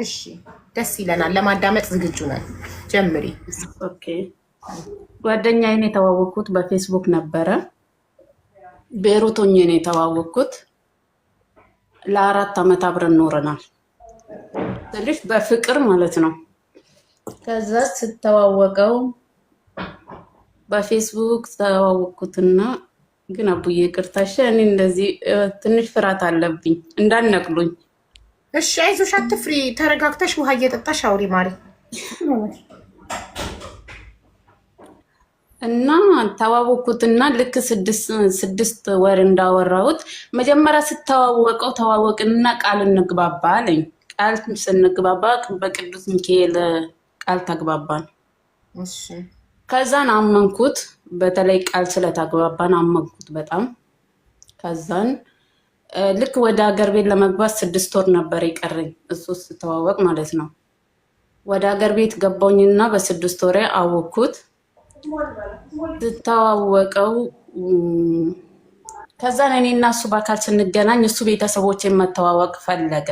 እሺ ደስ ይለናል። ለማዳመጥ ዝግጁ ነን። ጀምሪ። ኦኬ ጓደኛዬን የተዋወቅኩት በፌስቡክ ነበረ። ቤይሩት ሆኜ ነው የተዋወቅኩት። ለአራት ዓመት አብረን ኖረናል። ትንሽ በፍቅር ማለት ነው። ከዛ ስተዋወቀው በፌስቡክ ተዋወቅኩትና ግን አቡዬ ይቅርታሽ፣ እኔ እንደዚህ ትንሽ ፍርሃት አለብኝ እንዳነቅሉኝ እሺ አይዞሽ፣ አትፍሪ። ተረጋግተሽ ውሃ እየጠጣሽ አውሪ ማሪ። እና ተዋወቅኩትና ልክ ስድስት ወር እንዳወራሁት መጀመሪያ ስተዋወቀው ተዋወቅንና ቃል እንግባባ አለኝ። ቃል ስንግባባ በቅዱስ ሚካኤል ቃል ተግባባን። ከዛን አመንኩት። በተለይ ቃል ስለተግባባን አመንኩት በጣም ከዛን ልክ ወደ ሀገር ቤት ለመግባት ስድስት ወር ነበር የቀረኝ እሱ ስተዋወቅ ማለት ነው። ወደ ሀገር ቤት ገባኝና በስድስት ወሬ አወቅኩት። ስተዋወቀው ከዛን እኔ እና እሱ በአካል ስንገናኝ እሱ ቤተሰቦቼን መተዋወቅ ፈለገ።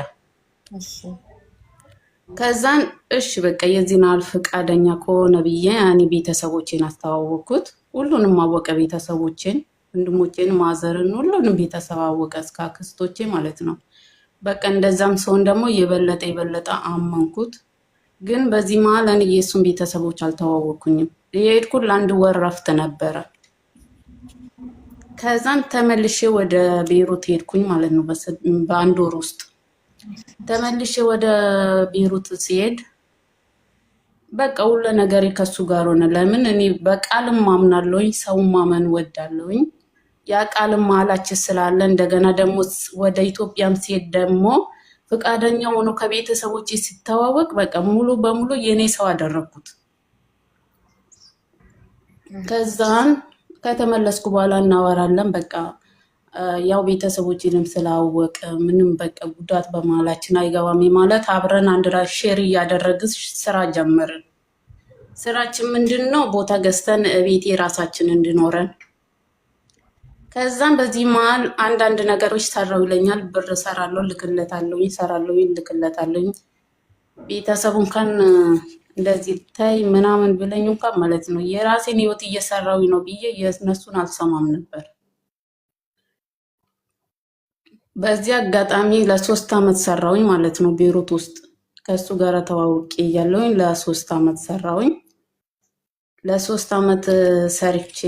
ከዛን እሽ በቃ የዚህን ያህል ፈቃደኛ ከሆነ ብዬ እኔ ቤተሰቦቼን አስተዋወቅኩት። ሁሉንም አወቀ ቤተሰቦቼን ወንድሞቼን ማዘርን ሁሉንም ቤተሰብ አወቀ እስከ አክስቶቼ ማለት ነው። በቃ እንደዛም ሰውን ደግሞ የበለጠ የበለጠ አመንኩት። ግን በዚህ መሀል እኔ የእሱን ቤተሰቦች አልተዋወኩኝም። የሄድኩት ለአንድ ወር ረፍት ነበረ። ከዛም ተመልሼ ወደ ቤሩት ሄድኩኝ ማለት ነው። በአንድ ወር ውስጥ ተመልሼ ወደ ቤሩት ሲሄድ በቃ ሁሉ ነገሬ ከሱ ጋር ሆነ። ለምን እኔ በቃልም ማምናለውኝ ሰው ማመን ወዳለሁኝ። ያ ቃልም መሀላችን ስላለ እንደገና ደግሞ ወደ ኢትዮጵያም ሲሄድ ደግሞ ፈቃደኛ ሆኖ ከቤተሰቦች ሲተዋወቅ በቃ ሙሉ በሙሉ የኔ ሰው አደረግኩት። ከዛን ከተመለስኩ በኋላ እናወራለን። በቃ ያው ቤተሰቦችንም ስላወቅ ምንም በቃ ጉዳት በመሀላችን አይገባም ማለት አብረን አንድ ራስ ሼር እያደረግን ስራ ጀመርን። ስራችን ምንድን ነው? ቦታ ገዝተን ቤቴ ራሳችን እንድኖረን ከዛም በዚህ መሀል አንዳንድ ነገሮች ሰራው ይለኛል። ብር ሰራለሁ፣ ልክለታለሁ፣ ይሰራለሁ፣ ልክለታለሁ። ቤተሰቡ እንኳን እንደዚህ ታይ ምናምን ብለኝ እንኳን ማለት ነው የራሴን ህይወት እየሰራው ነው ብዬ የነሱን አልሰማም ነበር። በዚህ አጋጣሚ ለሶስት አመት ሰራውኝ ማለት ነው ቤሩት ውስጥ ከእሱ ጋር ተዋውቄ እያለውኝ ለሶስት አመት ሰራውኝ። ለሶስት አመት ሰርቼ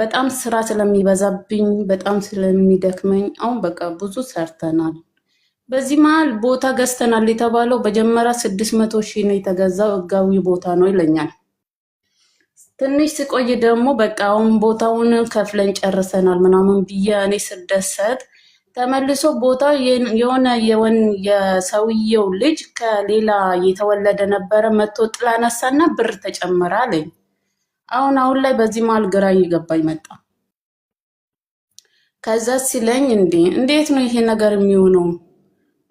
በጣም ስራ ስለሚበዛብኝ በጣም ስለሚደክመኝ አሁን በቃ ብዙ ሰርተናል። በዚህ መሀል ቦታ ገዝተናል የተባለው መጀመሪያ ስድስት መቶ ሺህ ነው የተገዛው፣ ህጋዊ ቦታ ነው ይለኛል። ትንሽ ስቆይ ደግሞ በቃ አሁን ቦታውን ከፍለን ጨርሰናል ምናምን ብዬ እኔ ስደሰት ተመልሶ ቦታ የሆነ የሰውየው ልጅ ከሌላ የተወለደ ነበረ መቶ ጥላ ነሳና ብር አለኝ። አሁን አሁን ላይ በዚህ መሀል ግራ እየገባኝ መጣ። ከዛ ሲለኝ እንዴ እንዴት ነው ይሄ ነገር የሚሆነው?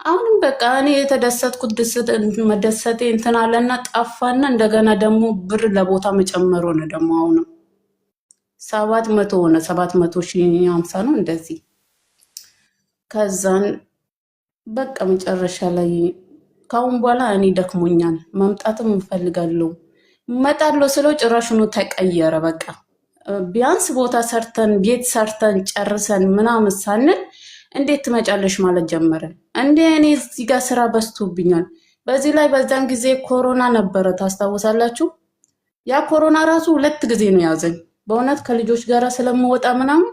አሁንም በቃ እኔ የተደሰትኩት መደሰቴ እንትን አለና ጠፋና እንደገና ደግሞ ብር ለቦታ መጨመር ሆነ። ደግሞ አሁንም ሰባት መቶ ሆነ። ሰባት መቶ ሺ ሀምሳ ነው እንደዚህ። ከዛን በቃ መጨረሻ ላይ ከአሁን በኋላ እኔ ደክሞኛል፣ መምጣትም እንፈልጋለሁ መጣሎ ስለው ጭራሽኑ ተቀየረ። በቃ ቢያንስ ቦታ ሰርተን ቤት ሰርተን ጨርሰን ምናምን ሳንል እንዴት ትመጫለሽ ማለት ጀመረን። እንዴ እኔ እዚህ ጋር ስራ በዝቶብኛል። በዚህ ላይ በዛን ጊዜ ኮሮና ነበረ ታስታውሳላችሁ። ያ ኮሮና ራሱ ሁለት ጊዜ ነው ያዘኝ። በእውነት ከልጆች ጋር ስለምወጣ ምናምን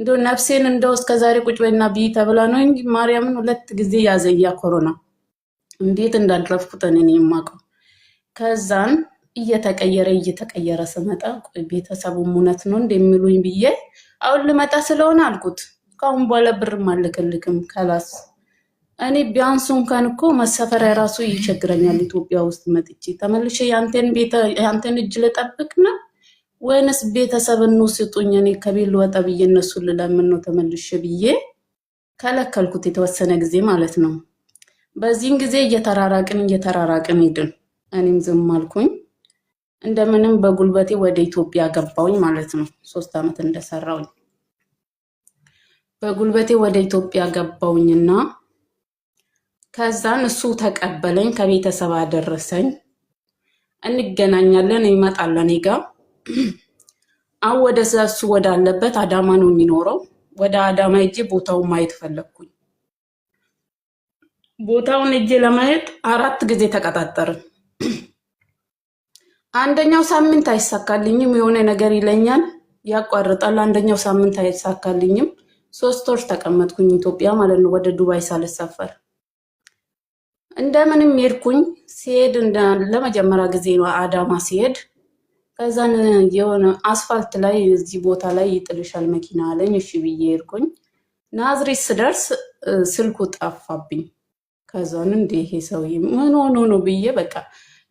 እንደ ነፍሴን እንደው እስከዛሬ ቁጭ በይና ብይ ተብላ ነው እንጂ ማርያምን ሁለት ጊዜ ያዘኝ ያ ኮሮና። እንዴት እንዳድረፍኩት እኔ የማውቀው ከዛን እየተቀየረ እየተቀየረ ስመጣ ቤተሰቡም እውነት ነው እንደሚሉኝ ብዬ አሁን ልመጣ ስለሆነ አልኩት። ከአሁን በኋላ ብርም አልልክልክም ከላስ እኔ ቢያንስ እንኳን እኮ መሰፈሪያ ራሱ ይቸግረኛል። ኢትዮጵያ ውስጥ መጥቼ ተመልሼ ያንተን እጅ ልጠብቅ ነው ወይንስ ቤተሰብ ነው ስጡኝ፣ እኔ ከቤል ወጣ ብዬ እነሱ ልለምን ነው ተመልሼ ብዬ ከለከልኩት፣ የተወሰነ ጊዜ ማለት ነው። በዚህን ጊዜ እየተራራቅን እየተራራቅን ሄድን፣ እኔም ዝም አልኩኝ። እንደምንም በጉልበቴ ወደ ኢትዮጵያ ገባውኝ ማለት ነው። ሶስት ዓመት እንደሰራውኝ በጉልበቴ ወደ ኢትዮጵያ ገባውኝና ከዛን እሱ ተቀበለኝ፣ ከቤተሰብ አደረሰኝ። እንገናኛለን፣ ይመጣል እኔ ጋ። አሁን ወደዛ እሱ ወዳለበት አዳማ ነው የሚኖረው። ወደ አዳማ ሄጄ ቦታውን ማየት ፈለግኩኝ። ቦታውን ሄጄ ለማየት አራት ጊዜ ተቀጣጠርን። አንደኛው ሳምንት አይሳካልኝም፣ የሆነ ነገር ይለኛል፣ ያቋርጣል። አንደኛው ሳምንት አይሳካልኝም። ሶስት ወር ተቀመጥኩኝ ኢትዮጵያ ማለት ነው፣ ወደ ዱባይ ሳልሳፈር እንደምንም ሄድኩኝ። ሲሄድ ለመጀመሪያ ጊዜ ነው አዳማ ሲሄድ። ከዛን የሆነ አስፋልት ላይ እዚህ ቦታ ላይ ይጥልሻል መኪና አለኝ። እሺ ብዬ ሄድኩኝ። ናዝሬት ስደርስ ስልኩ ጠፋብኝ። ከዛን እንደ ይሄ ሰውዬ ምን ሆኖ ነው ብዬ በቃ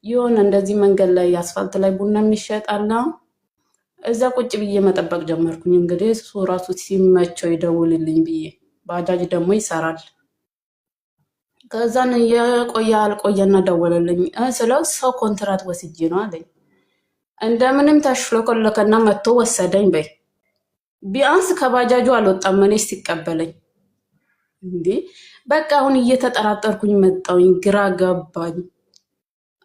የሆነ እንደዚህ መንገድ ላይ አስፋልት ላይ ቡና የሚሸጣል። እዛ ቁጭ ብዬ መጠበቅ ጀመርኩኝ። እንግዲህ እሱ ራሱ ሲመቸው ይደውልልኝ ብዬ ባጃጅ ደግሞ ይሰራል። ከዛን የቆየ አልቆየና ደወለልኝ ስለው ሰው ኮንትራት ወስጄ ነው አለኝ። እንደምንም ተሽሎኮለከና መጥቶ ወሰደኝ። በይ ቢያንስ ከባጃጁ አልወጣም እኔ ሲቀበለኝ እንዲህ በቃ አሁን እየተጠራጠርኩኝ መጣውኝ፣ ግራ ገባኝ።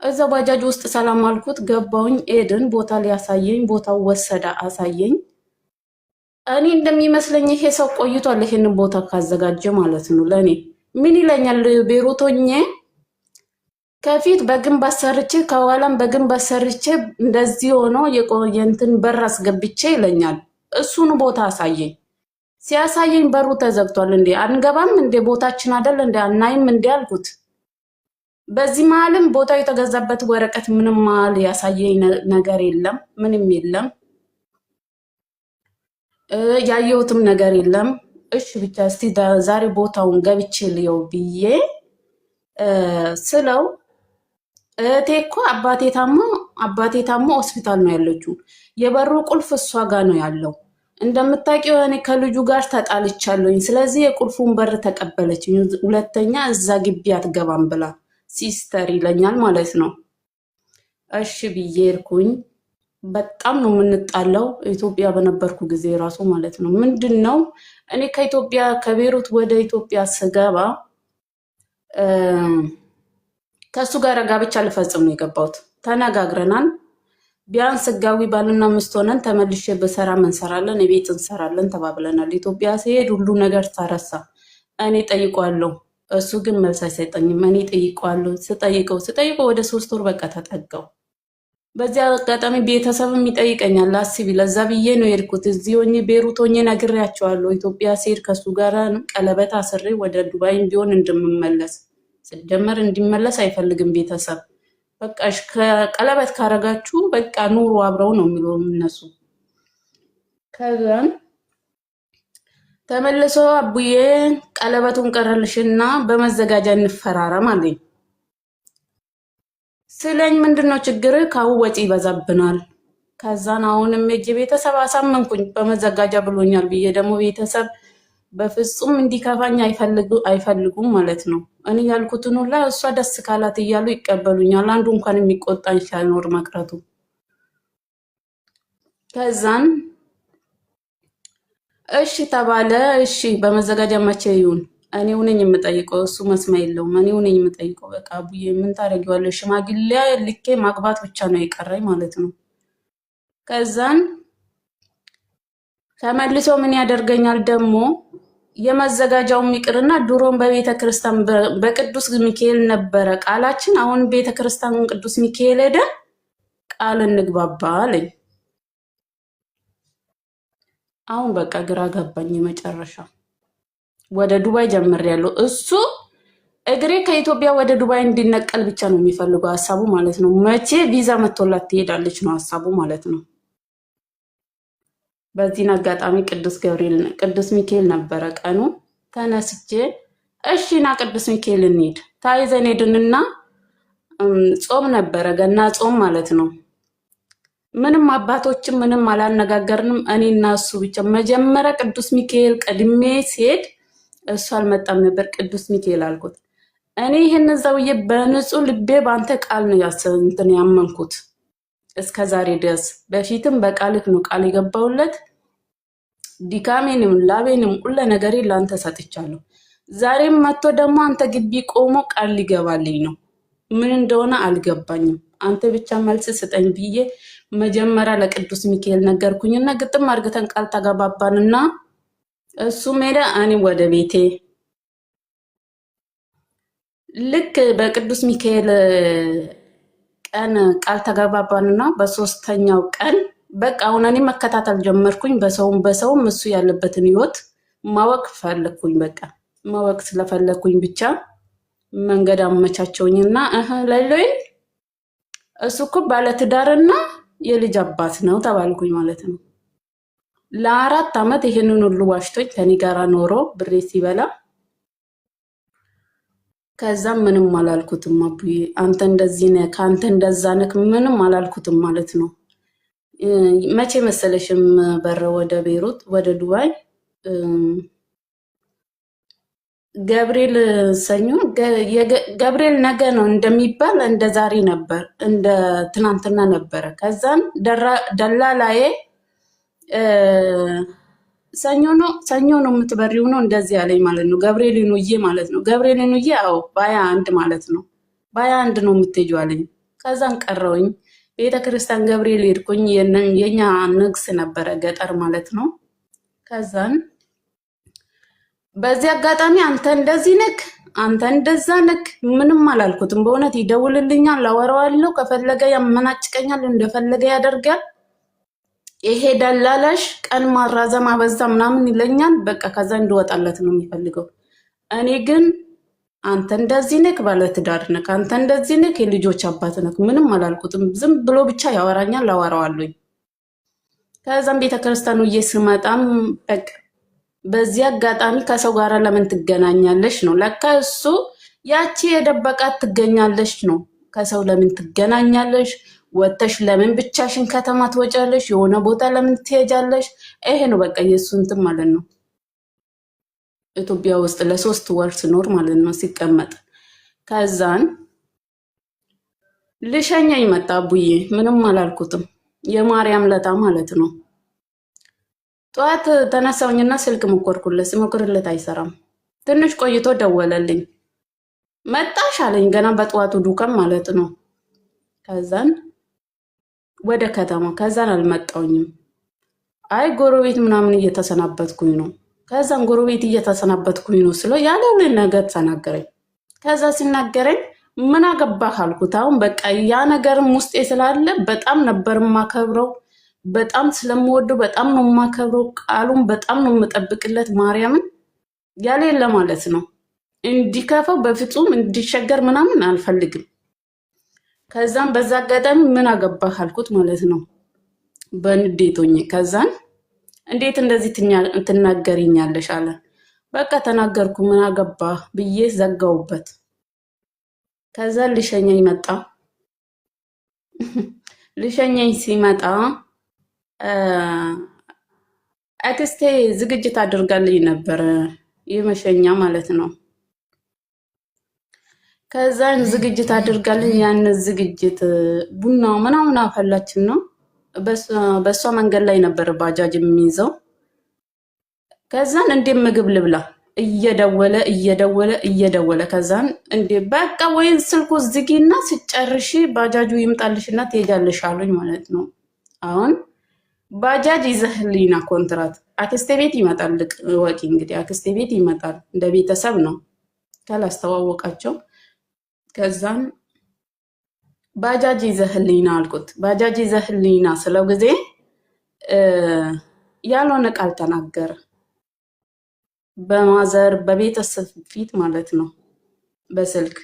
እዛ ባጃጅ ውስጥ ሰላም አልኩት። ገባውኝ ኤድን ቦታ ሊያሳየኝ ቦታው ወሰደ፣ አሳየኝ። እኔ እንደሚመስለኝ ይሄ ሰው ቆይቷል፣ ይሄንን ቦታ ካዘጋጀ ማለት ነው። ለእኔ ምን ይለኛል? ቤሩቶኜ ከፊት በግንባት ሰርቼ ከኋላም በግንባት ሰርቼ እንደዚህ ሆኖ የቆየንትን በር አስገብቼ ይለኛል። እሱን ቦታ አሳየኝ። ሲያሳየኝ በሩ ተዘግቷል። እንዴ አንገባም እንዴ ቦታችን አይደል እንዴ አናይም እንዴ አልኩት። በዚህ መሀልም ቦታው የተገዛበት ወረቀት ምንም መሀል ያሳየኝ ነገር የለም፣ ምንም የለም። ያየሁትም ነገር የለም። እሺ ብቻ እስቲ ዛሬ ቦታውን ገብቼ ልየው ብዬ ስለው እህቴ እኮ አባቴ ታሞ አባቴ ታሞ ሆስፒታል ነው ያለችው። የበሩ ቁልፍ እሷ ጋር ነው ያለው። እንደምታውቂው እኔ ከልጁ ጋር ተጣልቻለሁኝ። ስለዚህ የቁልፉን በር ተቀበለችኝ። ሁለተኛ እዛ ግቢ አትገባም ብላ ሲስተር ይለኛል ማለት ነው። እሺ ብዬ እርኩኝ። በጣም ነው የምንጣለው። ኢትዮጵያ በነበርኩ ጊዜ ራሱ ማለት ነው። ምንድን ነው እኔ ከኢትዮጵያ ከቤሩት ወደ ኢትዮጵያ ስገባ ከእሱ ጋር ጋብቻ ልፈጽም ነው የገባሁት። ተነጋግረናል። ቢያንስ ህጋዊ ባልና ሚስት ሆነን ተመልሼ በሰራም እንሰራለን፣ የቤት እንሰራለን ተባብለናል። ኢትዮጵያ ሲሄድ ሁሉ ነገር ተረሳ። እኔ ጠይቋለሁ እሱ ግን መልስ አይሰጠኝም። እኔ ጠይቀዋለሁ። ስጠይቀው ስጠይቀው ወደ ሶስት ወር በቃ ተጠጋው። በዚያ አጋጣሚ ቤተሰብም ይጠይቀኛል። አስቢ፣ ለዛ ብዬ ነው የሄድኩት። እዚህ ሆኜ ቤሩት ሆኜ ነግሬያቸዋለሁ። ኢትዮጵያ ስሄድ ከሱ ጋር ቀለበት አስሬ ወደ ዱባይም ቢሆን እንድምመለስ ስደመር እንዲመለስ አይፈልግም ቤተሰብ። በቃ ቀለበት ካረጋችሁ በቃ ኑሮ አብረው ነው የሚለው እነሱ ከዛም ተመልሶ አቡዬ ቀለበቱን ቀረልሽና በመዘጋጃ እንፈራረም አለኝ። ስለኝ ምንድነው ችግር? ካው ወጪ ይበዛብናል። ከዛን አሁንም እጅ ቤተሰብ አሳመንኩኝ። በመዘጋጃ ብሎኛል ብዬ ደግሞ ቤተሰብ በፍጹም እንዲከፋኝ አይፈልጉም ማለት ነው። እኔ ያልኩትን ሁላ እሷ ደስ ካላት እያሉ ይቀበሉኛል። አንዱ እንኳን የሚቆጣኝ ሳይኖር መቅረቱ ከዛን እሺ ተባለ። እሺ በመዘጋጃ መቼ ይሁን? እኔ ሁነኝ የምጠይቀው፣ እሱ መስማ የለውም። እኔ ሁነኝ የምጠይቀው። በቃ አቡዬ ምን ታደርጊዋለሽ? ሽማግሌ ልኬ ማግባት ብቻ ነው የቀረኝ ማለት ነው። ከዛን ተመልሶ ምን ያደርገኛል ደግሞ የመዘጋጃው ይቅርና ድሮም በቤተ ክርስቲያን በቅዱስ ሚካኤል ነበረ ቃላችን። አሁን ቤተ ክርስቲያን ቅዱስ ሚካኤል ሄደ ቃል እንግባባ አለኝ። አሁን በቃ ግራ ገባኝ። መጨረሻ ወደ ዱባይ ጀምር ያለው እሱ እግሬ ከኢትዮጵያ ወደ ዱባይ እንዲነቀል ብቻ ነው የሚፈልገው ሀሳቡ ማለት ነው። መቼ ቪዛ መቶላት ትሄዳለች ነው ሀሳቡ ማለት ነው። በዚህን አጋጣሚ ቅዱስ ገብርኤል ቅዱስ ሚካኤል ነበረ ቀኑ። ተነስቼ እሺ ና ቅዱስ ሚካኤል እንሄድ ታይዘን ሄድንና ጾም ነበረ ገና ጾም ማለት ነው። ምንም አባቶችም ምንም አላነጋገርንም። እኔ እና እሱ ብቻ። መጀመሪያ ቅዱስ ሚካኤል ቀድሜ ሲሄድ እሱ አልመጣም ነበር። ቅዱስ ሚካኤል አልኩት እኔ ይህን ዘውዬ በንጹህ ልቤ በአንተ ቃል ነው ያሰንትን ያመንኩት እስከ ዛሬ ድረስ። በፊትም በቃልህ ነው ቃል የገባውለት። ድካሜንም ላቤንም ሁለ ነገሬ ለአንተ ሰጥቻለሁ። ዛሬም መጥቶ ደግሞ አንተ ግቢ ቆሞ ቃል ሊገባልኝ ነው። ምን እንደሆነ አልገባኝም። አንተ ብቻ መልስ ስጠኝ ብዬ መጀመሪያ ለቅዱስ ሚካኤል ነገርኩኝና ግጥም አድርገን ቃል ተገባባንና እሱ ሄደ፣ እኔም ወደ ቤቴ። ልክ በቅዱስ ሚካኤል ቀን ቃል ተገባባንና በሶስተኛው ቀን በቃ አሁን እኔ መከታተል ጀመርኩኝ። በሰውም በሰውም እሱ ያለበትን ህይወት ማወቅ ፈለግኩኝ። በቃ ማወቅ ስለፈለግኩኝ ብቻ መንገድ አመቻቸውኝና እህ ለሎይ እሱ እኮ ባለትዳርና የልጅ አባት ነው ተባልኩኝ ማለት ነው። ለአራት ዓመት ይህንን ሁሉ ዋሽቶኝ ከኔ ጋራ ኖሮ ብሬ ሲበላ ከዛም ምንም አላልኩትም። አቡዬ አንተ እንደዚህ ነህ፣ ከአንተ እንደዛ ነህ፣ ምንም አላልኩትም ማለት ነው። መቼ መሰለሽም በረ ወደ ቤሩት ወደ ዱባይ ገብርኤል ሰኞ ገብርኤል ነገ ነው እንደሚባል እንደ ዛሬ ነበር፣ እንደ ትናንትና ነበረ። ከዛም ደላላዬ ሰኞ ነው ሰኞ ነው የምትበሪው ነው እንደዚህ ያለኝ ማለት ነው። ገብርኤል ኑዬ ማለት ነው። ገብርኤል ኑዬ አዎ፣ ባያ አንድ ማለት ነው። ባያ አንድ ነው የምትሄጂው አለኝ። ከዛን ቀረውኝ ቤተ ክርስቲያን ገብርኤል ሄድኩኝ። የኛ ንግስ ነበረ ገጠር ማለት ነው። ከዛን በዚህ አጋጣሚ አንተ እንደዚህ ነክ፣ አንተ እንደዛ ነክ፣ ምንም አላልኩትም። በእውነት ይደውልልኛል፣ አወራዋለሁ። ከፈለገ ያመናጭቀኛል፣ እንደፈለገ ያደርጋል። ይሄ ደላላሽ ቀን ማራዘም አበዛ ምናምን ይለኛል። በቃ ከዛ እንድወጣለት ነው የሚፈልገው። እኔ ግን አንተ እንደዚህ ነክ፣ ባለትዳር ነክ፣ አንተ እንደዚህ ነክ፣ የልጆች አባት ነክ፣ ምንም አላልኩትም። ዝም ብሎ ብቻ ያወራኛል፣ አወራዋለሁኝ። ከዛም ቤተክርስቲያኑ እየስመጣም በቃ በዚህ አጋጣሚ ከሰው ጋር ለምን ትገናኛለሽ ነው። ለካ እሱ ያቺ የደበቃት ትገኛለሽ ነው። ከሰው ለምን ትገናኛለሽ? ወተሽ ለምን ብቻሽን ከተማ ትወጫለሽ? የሆነ ቦታ ለምን ትሄጃለሽ? ይሄ ነው በቃ የእሱ እንትን ማለት ነው። ኢትዮጵያ ውስጥ ለሶስት ወር ስኖር ማለት ነው ሲቀመጥ ከዛን ልሸኛኝ መጣ። ቡዬ ምንም አላልኩትም። የማርያም ለታ ማለት ነው ጠዋት ተነሳውኝና ስልክ ሞከርኩለት፣ ስሞክርለት አይሰራም። ትንሽ ቆይቶ ደወለልኝ። መጣሽ አለኝ። ገና በጠዋቱ ዱከም ማለት ነው። ከዛን ወደ ከተማ ከዛን አልመጣውኝም። አይ ጎረቤት ምናምን እየተሰናበትኩኝ ነው። ከዛን ጎረቤት እየተሰናበትኩኝ ነው ስለው ያለውን ነገር ተናገረኝ። ከዛ ሲናገረኝ ምን አገባህ አልኩት። አሁን በቃ ያ ነገርም ውስጤ ስላለ በጣም ነበር ማከብረው በጣም ስለምወደው በጣም ነው የማከብረው። ቃሉን በጣም ነው የምጠብቅለት። ማርያምን ያሌለ ማለት ነው እንዲከፋው በፍጹም እንዲሸገር ምናምን አልፈልግም። ከዛም በዛ አጋጣሚ ምን አገባህ አልኩት ማለት ነው በንዴቶኝ። ከዛን እንዴት እንደዚህ ትናገሪኛለሽ አለ። በቃ ተናገርኩ፣ ምን አገባህ ብዬ ዘጋውበት። ከዛ ልሸኘኝ መጣ። ልሸኘኝ ሲመጣ አክስቴ ዝግጅት አድርጋልኝ ነበር የመሸኛ ማለት ነው። ከዛን ዝግጅት አድርጋልኝ ያን ዝግጅት ቡና ምናምን አፈላችን ነው። በእሷ መንገድ ላይ ነበር ባጃጅ የሚይዘው። ከዛን እንዴ ምግብ ልብላ እየደወለ እየደወለ እየደወለ ከዛን እንዴ በቃ ወይን ስልኩ ዝጊና ሲጨርሽ ባጃጁ ይምጣልሽና ትሄጃለሽ አሉኝ ማለት ነው አሁን ባጃጅ ይዘህልና ኮንትራት አክስቴ ቤት ይመጣል። ልቅ ወቂ እንግዲህ አክስቴ ቤት ይመጣል። እንደ ቤተሰብ ነው ካላስተዋወቃቸው። ከዛም ባጃጅ ይዘህልኝና አልኩት። ባጃጅ ይዘህልኝና ስለው ጊዜ ያልሆነ ቃል ተናገረ። በማዘር በቤተሰብ ፊት ማለት ነው በስልክ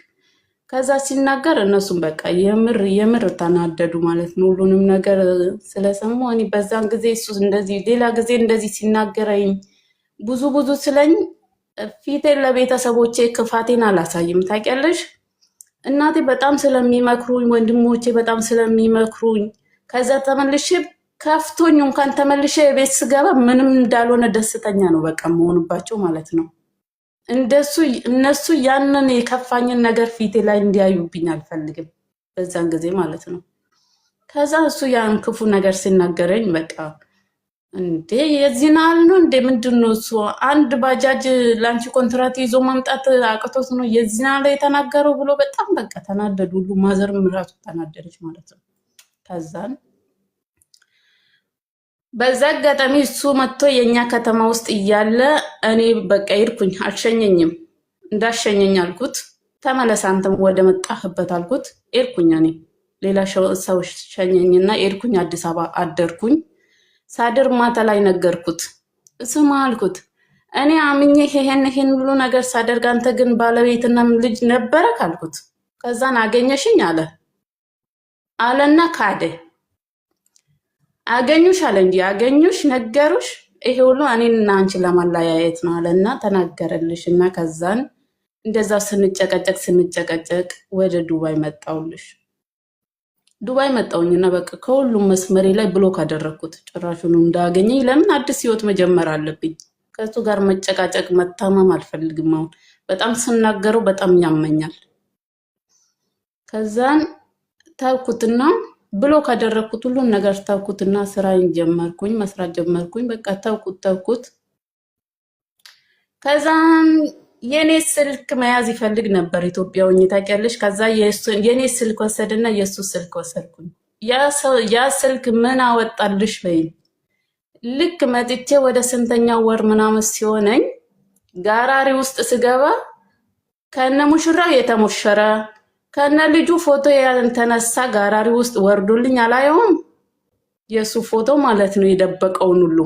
ከዛ ሲናገር እነሱም በቃ የምር የምር ተናደዱ ማለት ነው። ሁሉንም ነገር ስለሰሙ እኔ በዛን ጊዜ እሱ እንደዚህ ሌላ ጊዜ እንደዚህ ሲናገረኝ ብዙ ብዙ ስለኝ ፊቴን ለቤተሰቦቼ ክፋቴን አላሳይም። ታውቂያለሽ እናቴ በጣም ስለሚመክሩኝ፣ ወንድሞቼ በጣም ስለሚመክሩኝ ከዛ ተመልሼ ከፍቶኝ እንኳን ተመልሼ የቤት ስገባ ምንም እንዳልሆነ ደስተኛ ነው በቃ መሆንባቸው ማለት ነው። እንደሱ እነሱ ያንን የከፋኝን ነገር ፊቴ ላይ እንዲያዩብኝ አልፈልግም። በዛን ጊዜ ማለት ነው። ከዛ እሱ ያን ክፉ ነገር ሲናገረኝ በቃ እንዴ የዚህን አል ነው እንዴ? ምንድን ነው እሱ አንድ ባጃጅ ለአንቺ ኮንትራት ይዞ ማምጣት አቅቶት ነው የዚህን ያህል የተናገረው ብሎ በጣም በቃ ተናደዱ። ሁሉ ማዘርም ራሱ ተናደደች ማለት ነው። ከዛን በዛ አጋጣሚ እሱ መጥቶ የእኛ ከተማ ውስጥ እያለ እኔ በቃ ይርኩኝ አልሸኘኝም። እንዳሸኘኝ አልኩት። ተመለስ አንተም ወደ መጣህበት አልኩት። ሄድኩኝ። እኔ ሌላ ሰው ሸኘኝና ሄድኩኝ። አዲስ አበባ አደርኩኝ። ሳድር ማታ ላይ ነገርኩት። ስማ አልኩት እኔ አምኜ ይሄን ይሄን ሁሉ ነገር ሳደርግ አንተ ግን ባለቤትና ልጅ ነበረ ካልኩት፣ ከዛን አገኘሽኝ አለ አለና ካደ አገኙሽ አለ እንጂ አገኙሽ ነገሩሽ ይሄ ሁሉ እኔን እና አንቺን ለማለያየት ነው አለ እና ተናገረልሽ እና ከዛን እንደዛ ስንጨቀጨቅ ስንጨቀጨቅ ወደ ዱባይ መጣውልሽ። ዱባይ መጣውኝና በቃ ከሁሉም መስመሬ ላይ ብሎክ አደረግኩት። ጭራሹን እንዳገኘኝ ለምን አዲስ ህይወት መጀመር አለብኝ። ከእሱ ጋር መጨቃጨቅ መታመም አልፈልግም። አሁን በጣም ስናገረው በጣም ያመኛል። ከዛን ተውኩትና ብሎ ካደረግኩት ሁሉም ነገር ተውኩትና ስራን ጀመርኩኝ፣ መስራት ጀመርኩኝ። በቃ ተውኩት ተውኩት። ከዛም የኔ ስልክ መያዝ ይፈልግ ነበር ኢትዮጵያ ሆኜ ታውቂያለሽ። ከዛ የኔ ስልክ ወሰድና የእሱ ስልክ ወሰድኩኝ። ያ ስልክ ምን አወጣልሽ በይኝ። ልክ መጥቼ ወደ ስንተኛው ወር ምናምን ሲሆነኝ ጋራሪ ውስጥ ስገባ ከነ ሙሽራው የተሞሸረ ከነ ልጁ ፎቶ ተነሳ ጋራሪ ውስጥ ወርዶልኝ አላየውም። የእሱ ፎቶ ማለት ነው የደበቀውን ሁሉ።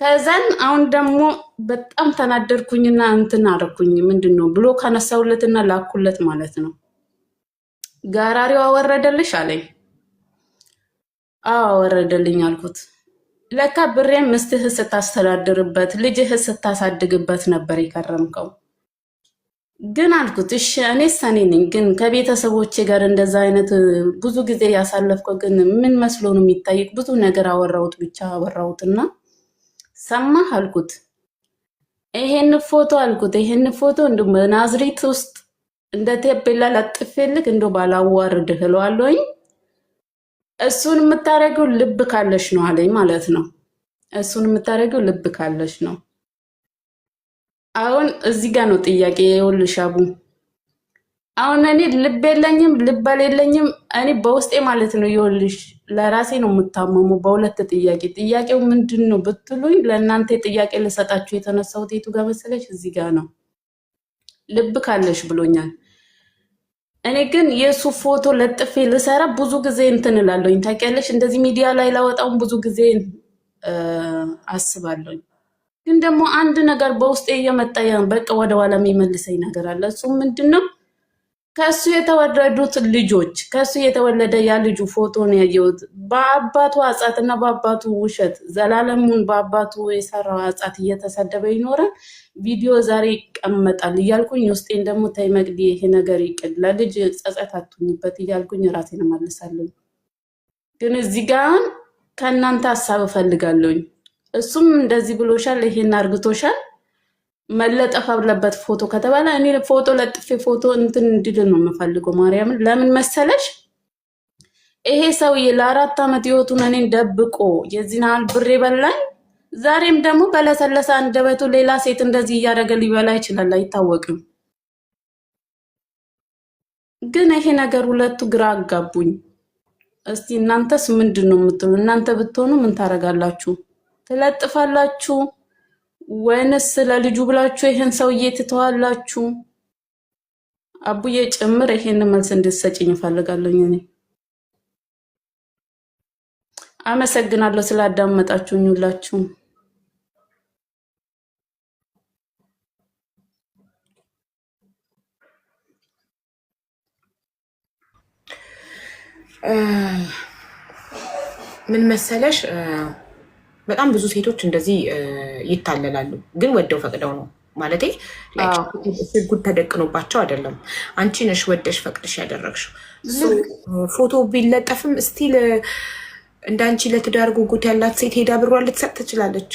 ከዛን አሁን ደግሞ በጣም ተናደድኩኝና እንትን አደረኩኝ። ምንድን ነው ብሎ ከነሳሁለትና ላኩለት ማለት ነው። ጋራሪው አወረደልሽ አለኝ። አዎ አወረደልኝ አልኩት። ለካ ብሬም ምስትህ ስታስተዳድርበት ልጅህ ስታሳድግበት ነበር የከረምከው። ግን አልኩት እሺ እኔ ሰኔ ነኝ፣ ግን ከቤተሰቦቼ ጋር እንደዛ አይነት ብዙ ጊዜ ያሳለፍከው ግን ምን መስሎ ነው የሚታይቅ? ብዙ ነገር አወራሁት ብቻ አወራሁትና ሰማህ አልኩት። ይሄን ፎቶ አልኩት ይሄን ፎቶ እንደ ናዝሬት ውስጥ እንደ ቴብላ ላጥፌልክ እንደ ባላዋርድ እለዋለሁኝ። እሱን የምታደርገው ልብ ካለሽ ነው አለኝ ማለት ነው። እሱን የምታደርገው ልብ ካለሽ ነው አሁን እዚህ ጋር ነው ጥያቄ። የወልሻቡ አቡ፣ አሁን እኔ ልብ የለኝም ልብ የለኝም። እኔ በውስጤ ማለት ነው የወልሽ ለራሴ ነው የምታመሙ በሁለት ጥያቄ። ጥያቄው ምንድን ነው ብትሉኝ፣ ለእናንተ ጥያቄ ልሰጣችሁ የተነሳሁት የቱ ጋር መሰለሽ? እዚህ ጋር ነው ልብ ካለሽ ብሎኛል። እኔ ግን የእሱ ፎቶ ለጥፌ ልሰራ ብዙ ጊዜ እንትን እላለሁኝ። ታውቂያለሽ፣ እንደዚህ ሚዲያ ላይ ላወጣውን ብዙ ጊዜ አስባለሁኝ። ግን ደግሞ አንድ ነገር በውስጤ እየመጣ በቃ ወደኋላ የሚመልሰኝ ነገር አለ። እሱ ምንድን ነው? ከእሱ የተወለዱት ልጆች ከእሱ የተወለደ ያ ልጁ ፎቶ ነው ያየሁት በአባቱ አጻት እና በአባቱ ውሸት ዘላለሙን በአባቱ የሰራው አጻት እየተሰደበ ይኖራል። ቪዲዮ ዛሬ ይቀመጣል እያልኩኝ ውስጤን ደግሞ ተይ መቅዲ፣ ይሄ ነገር ይቅድ፣ ለልጅ ጸጸት አትሁኝበት እያልኩኝ ራሴን እመልሳለሁ። ግን እዚህ ጋር ከእናንተ ሀሳብ እፈልጋለሁኝ። እሱም እንደዚህ ብሎሻል፣ ይሄን አርግቶሻል፣ መለጠፍ አለበት ፎቶ ከተባለ እኔ ፎቶ ለጥፌ ፎቶ እንትን እንዲል ነው የምፈልገው። ማርያምን ለምን መሰለሽ ይሄ ሰውዬ ለአራት ዓመት ህይወቱን እኔን ደብቆ የዚህን ያህል ብር በላኝ። ዛሬም ደግሞ በለሰለሰ አንደበቱ ሌላ ሴት እንደዚህ እያደረገ ሊበላ ይችላል፣ አይታወቅም። ግን ይሄ ነገር ሁለቱ ግራ አጋቡኝ። እስቲ እናንተስ ምንድን ነው የምትሉ? እናንተ ብትሆኑ ምን ታደርጋላችሁ? ትለጥፋላችሁ ወይንስ ስለ ልጁ ብላችሁ ይህን ሰውዬ ትተዋላችሁ? አቡዬ ጭምር ይሄን መልስ እንድትሰጭኝ እፈልጋለሁኝ። እኔ አመሰግናለሁ ስላዳመጣችሁኝ ሁላችሁም። ምን መሰለሽ በጣም ብዙ ሴቶች እንደዚህ ይታለላሉ፣ ግን ወደው ፈቅደው ነው ማለት ጉድ ተደቅኖባቸው አይደለም። አንቺ ነሽ ወደሽ ፈቅደሽ ያደረግሽው። ፎቶ ቢለጠፍም ስቲል እንዳንቺ አንቺ ለትዳር ጉጉት ያላት ሴት ሄዳ ብሯ ልትሰጥ ትችላለች።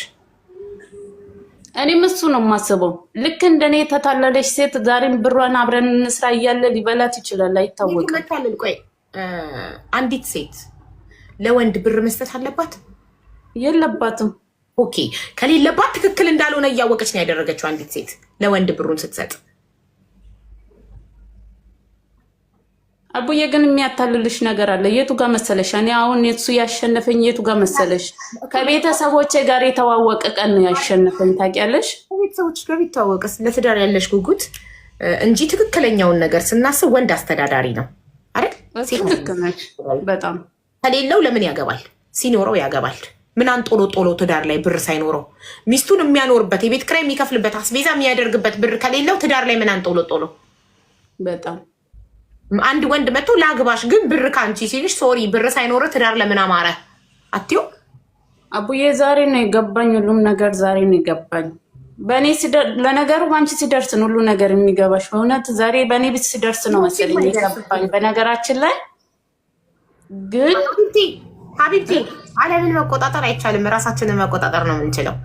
እኔም እሱ ነው የማስበው። ልክ እንደኔ የተታለለች ሴት ዛሬም ብሯን አብረን እንስራ እያለ ሊበላት ይችላል፣ አይታወቅም። ቆይ አንዲት ሴት ለወንድ ብር መስጠት አለባት? የለባትም። ኦኬ ከሌለባት ትክክል እንዳልሆነ እያወቀች ነው ያደረገችው። አንዲት ሴት ለወንድ ብሩን ስትሰጥ አቡዬ ግን የሚያታልልሽ ነገር አለ። የቱ ጋር መሰለሽ? እኔ አሁን የሱ ያሸነፈኝ የቱ ጋር መሰለሽ? ከቤተሰቦቼ ጋር የተዋወቀ ቀን ነው ያሸነፈኝ። ታውቂያለሽ? ከቤተሰቦች ጋር ቢተዋወቀ ለትዳር ያለሽ ጉጉት እንጂ ትክክለኛውን ነገር ስናስብ ወንድ አስተዳዳሪ ነው አይደል? ትክክል ነች በጣም ከሌለው ለምን ያገባል? ሲኖረው ያገባል። ምን አንጦሎ ጦሎ ትዳር ላይ ብር ሳይኖረው ሚስቱን የሚያኖርበት የቤት ክራይ የሚከፍልበት አስቤዛ የሚያደርግበት ብር ከሌለው ትዳር ላይ ምን አንጦሎ ጦሎ። በጣም አንድ ወንድ መጥቶ ላግባሽ ግን ብር ከአንቺ ሲልሽ ሶሪ ብር ሳይኖረ ትዳር ለምን አማረ አትይው። አቡዬ ዛሬ ነው የገባኝ፣ ሁሉም ነገር ዛሬ ነው የገባኝ። በእኔ ለነገሩ በአንቺ ሲደርስ ነው ሁሉ ነገር የሚገባሽ። በእውነት ዛሬ በእኔ ቤት ሲደርስ ነው መሰለኝ የገባኝ። በነገራችን ላይ ግን ሀቢብቴ ዓለምን መቆጣጠር አይቻልም። ራሳችንን መቆጣጠር ነው የምንችለው።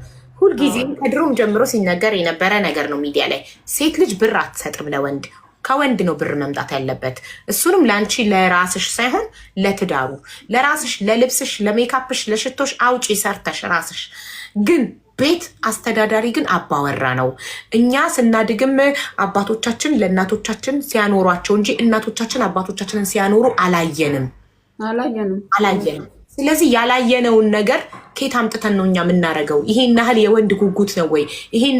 ሁልጊዜም ከድሮም ጀምሮ ሲነገር የነበረ ነገር ነው። ሚዲያ ላይ ሴት ልጅ ብር አትሰጥም ለወንድ ከወንድ ነው ብር መምጣት ያለበት። እሱንም ለአንቺ ለራስሽ ሳይሆን ለትዳሩ፣ ለራስሽ፣ ለልብስሽ፣ ለሜካፕሽ፣ ለሽቶሽ አውጪ ሰርተሽ ራስሽ ግን ቤት አስተዳዳሪ ግን አባወራ ነው። እኛ ስናድግም አባቶቻችን ለእናቶቻችን ሲያኖሯቸው እንጂ እናቶቻችን አባቶቻችንን ሲያኖሩ አላየንም አላየንም አላየንም። ስለዚህ ያላየነውን ነገር ኬት አምጥተን ነው እኛ የምናደርገው? ይሄን ያህል የወንድ ጉጉት ነው ወይ? ይሄን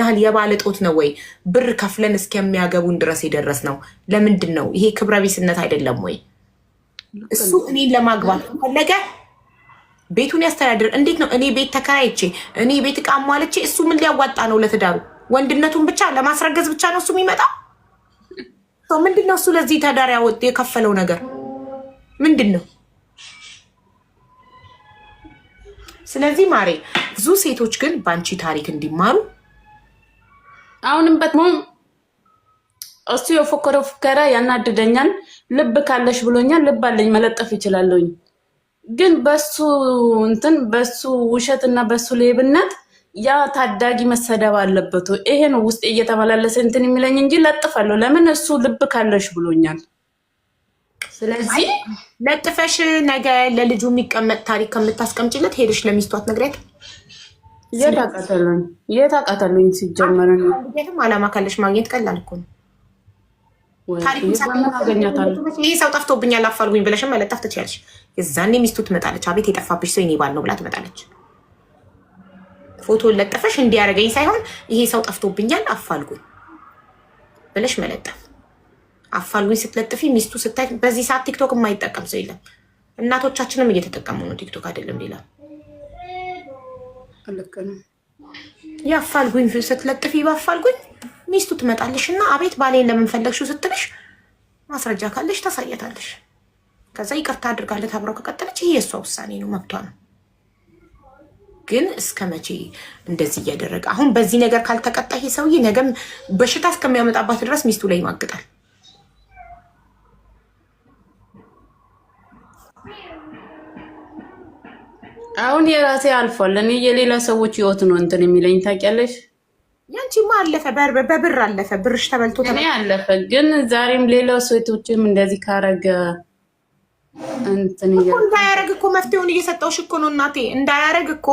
ያህል የባለጦት ነው ወይ? ብር ከፍለን እስከሚያገቡን ድረስ የደረስ ነው። ለምንድን ነው ይሄ? ክብረ ቢስነት አይደለም ወይ? እሱ እኔን ለማግባት ከፈለገ ቤቱን ያስተዳድር። እንዴት ነው እኔ ቤት ተከራይቼ እኔ ቤት እቃ ሟልቼ፣ እሱ ምን ሊያዋጣ ነው ለትዳሩ? ወንድነቱን ብቻ ለማስረገዝ ብቻ ነው እሱ የሚመጣው? ምንድን ነው እሱ ለዚህ ተዳር የከፈለው ነገር ምንድን ነው? ስለዚህ ማሬ ብዙ ሴቶች ግን በአንቺ ታሪክ እንዲማሩ አሁንም በጥሞ እሱ የፎከረ ፉከረ ያናድደኛል። ልብ ካለሽ ብሎኛል። ልብ አለኝ መለጠፍ ይችላለኝ። ግን በሱ እንትን በሱ ውሸት እና በሱ ሌብነት ያ ታዳጊ መሰደብ አለበት። ይሄ ነው ውስጥ እየተመላለሰ እንትን የሚለኝ እንጂ ለጥፋለሁ። ለምን እሱ ልብ ካለሽ ብሎኛል። ስለዚህ ለጥፈሽ ነገ ለልጁ የሚቀመጥ ታሪክ ከምታስቀምጭለት ሄደሽ ለሚስቷት አትነግሪያትም? የት አቃተሉኝ? የት አቃተሉኝ? ሲጀመር አላማ ካለሽ ማግኘት ቀላል እኮ ነው። ይህ ሰው ጠፍቶብኛል አፋልጉኝ ብለሽም መለጠፍ ትችያለሽ። የዛኔ ሚስቱ ትመጣለች። አቤት የጠፋብሽ ሰው የኔ ባል ነው ብላ ትመጣለች። ፎቶን ለጠፈሽ እንዲያደርገኝ ሳይሆን ይሄ ሰው ጠፍቶብኛል አፋልጉኝ ብለሽ መለጠፍ አፋልጉኝ ስትለጥፊ ሚስቱ ስታይ፣ በዚህ ሰዓት ቲክቶክ የማይጠቀም ሰው የለም። እናቶቻችንም እየተጠቀሙ ነው። ቲክቶክ አይደለም ሌላ የአፋልጉኝ ስትለጥፊ በአፋልጉኝ ሚስቱ ትመጣለሽ እና አቤት ባሌን ለምን ፈለግሽው ስትልሽ ማስረጃ ካለሽ ታሳያታለሽ። ከዛ ይቅርታ አድርጋለት አብረው ከቀጠለች ይሄ የእሷ ውሳኔ ነው፣ መብቷ ነው። ግን እስከ መቼ እንደዚህ እያደረገ አሁን በዚህ ነገር ካልተቀጣ ይሄ ሰውዬ ነገም በሽታ እስከሚያመጣባት ድረስ ሚስቱ ላይ ይማግጣል። አሁን የራሴ አልፏል። እኔ የሌላ ሰዎች ህይወት ነው እንትን የሚለኝ ታውቂያለሽ። ያንቺማ አለፈ፣ በብር አለፈ፣ ብርሽ ተበልቶ እኔ አለፈ። ግን ዛሬም ሌላ ሴቶችም እንደዚህ ካረገ እንትን እንዳያረግ እኮ መፍትሄውን እየሰጠውሽ እኮ ነው እናቴ። እንዳያረግ እኮ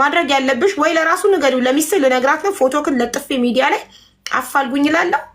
ማድረግ ያለብሽ ወይ ለራሱ ንገሪው፣ ለሚስል ልነግራት ነው ፎቶ ክን ለጥፌ ሚዲያ ላይ አፋልጉኝ እላለሁ